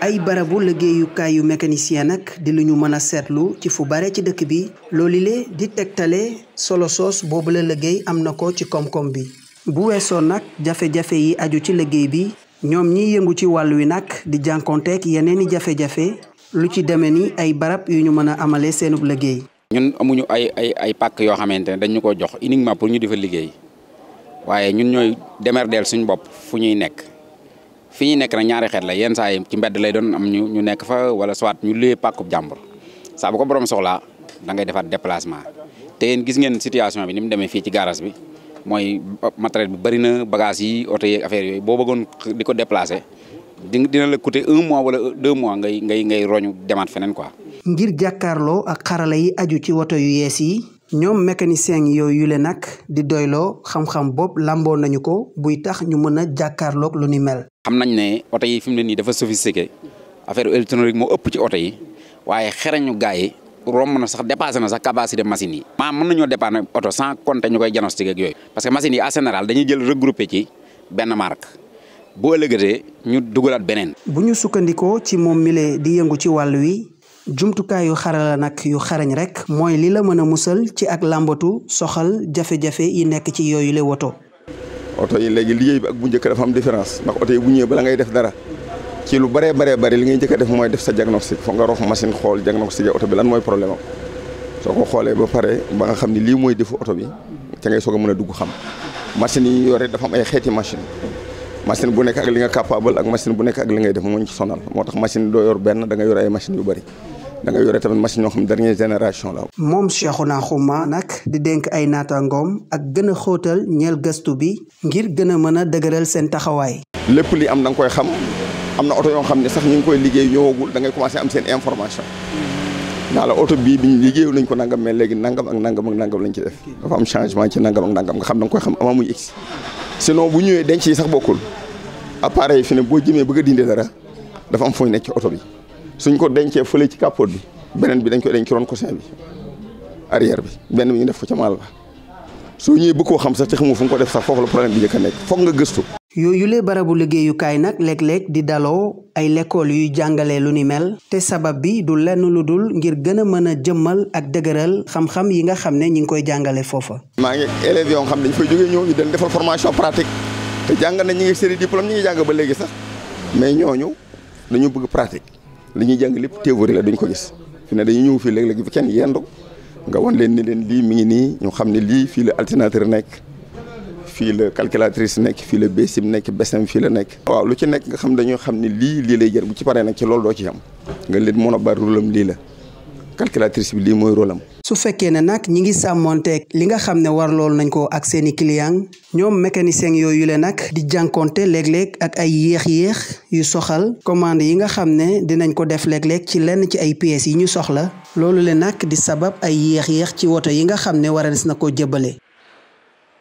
ay barabu yu mécanicien nag di lu ñu mën a seetlu ci fu bare ci dëkk bi loolile di tegtale solo soos boobu la liggéey am na ko ci koom-koom bi bu weesoo nag jafe-jafe yi aju ci liggéey bi ñoom ñiy yëngu ci wàll wi nag di jànkonteek yeneen i jafe-jafe lu ci demee ni ay barab yu ñu mën a amalee seenub liggéey. ñun amuñu ay ay ay pàkk yoo xamante ne dañu ko jox uniquement pour ñu di fa liggéey waaye ñun ñooy démerdeel suñu bopp fu ñuy nekk. fi ñu nekk nag ñaari xeet la yenn saa yi ci mbedd lay doon am ñu ñu nekk fa wala soit ñu luyee pàkkub jàmbur saa bu ko borom soxlaa da ngay defaat déplacement te yéen gis ngeen situation bi ni mu demee fii ci garage bi mooy matériel bi bëri na bagage yi oto yeeg affaire yooyu boo bëggoon di ko déplacer di dina la coûter un mois wala deux mois ngay ngay ngay roñu demaat feneen quoi. ngir jàkkaarloo ak xarala yi aju ci woto yees yi. ñoom mécanicien yooyu le nag di doyloo xam-xam bopp làmboo nañu ko buy tax ñu mën a jàkkaarloog lu ni mel. xam nañ ne oto yi fi mu ne nii dafa sophistiqué affaire électronique moo ëpp ci oto yi waaye xereñu gars yi romb na sax dépassé na sax capacité machine yi. maa mën nañoo dépanner oto sans compter ñu koy diagnostic ak yooyu. parce que machine yi en général dañuy jël regroupé ci benn marque boo ëllëgatee ñu dugalaat beneen. bu ñu sukkandikoo ci moom mi di yëngu ci wàll wi. jumtukaay yu xarala nag yu xareñ rek mooy lii la mën a musal ci ak làmbatu soxal jafe-jafe yi nekk ci yooyu le woto. oto yi léegi liggéey bi ak bu njëkk defam am différence ndax oto yi bu ñëwee bala ngay def dara ci lu baree baree bari li ngay njëkk a def mooy def sa diagnostic foog nga rof machine xool diagnostic oto bi lan mooy problème soo ko xoolee ba pare ba nga xam ni lii mooy defu oto bi ca ngay soog a mën a dugg xam machine yi yore dafa am ay xeeti machine machine bu nekk ak li nga capable ak machine bu nekk ak li ngay def moo ci sonal moo tax machine doo yor benn da nga yor ay machine yu bëri da nga yore tamit machine yoo xam di dénk ay naataangoom ak gën a xóotal ñeel gëstu bi ngir gën a mën a dëgëral seen taxawaay. lépp li am da nga koy xam am na oto yoo xam ne sax ñu ngi koy liggéey ñëwagul da ngay commencé am seen information. naa la oto bii bi ñu liggéeyu nañ ko nangam mais léegi nangam ak nangam ak nangam lañ ci def. dafa am changement ci nangam ak nangam nga xam da koy xam ama muy egsi sinon bu ñëwee denc yi sax bokkul apare yi fi ne boo jëmee bëgg a dindi dara dafa am fooy nekk ci oto bi suñ ko dencee fële ci capot bi beneen bi dañ koy denc roon coussin bi arrière bi benn bi ñu def ko ca maal la soo ñëwee bëgg koo xam sax te xamoo fu nga ko def sax foofu la problème bi njëkk nekk foog nga gëstu. yooyu yooyule barabu liggéeyukaay nag léeg-léeg di daloo ay lekkool yuy jàngale lu ni mel te sabab bi du lenn lu dul ngir gën a mën a jëmmal ak dëgëral xam-xam yi nga xam ne ñi ngi koy jàngale foofa. maa ngi élèves yoo xam ne dañ fay ñu dem defal formation pratique te jàng na ñi ngi seeni diplôme ba léegi sax mais ñooñu dañu bëgg pratique li ñuy jàng lépp théorie la duñ ko gis fi ne dañuy ñëw fii léeg-léeg fi kenn yendu nga wan leen ni leen lii mi ngi nii ñu xam ne lii fii la alternateur nekk fii la calculatrice nekk fii la BSIM nekk BSEM fii la nekk. waaw lu ci nekk nga xam dañoo xam ne lii lii lay jar bu ci paree nag ci loolu doo ci am nga leen mën a bar rôle lii la calculatrice bi lii mooy rôle su fekkee ne nag ñi ngi sàmmonteeg li nga xam ne war loolu nañ ko ak seeni client ñoom mécanicien yooyu leen nag di jànkonte léeg-léeg ak ay yéex-yéex yu soxal commande yi nga xam ne dinañ ko def léeg ci lenn ci ay piyes yi ñu soxla loolu le nag di sabab ay yéex-yéex ci woto yi nga xam ne warees na ko jëbale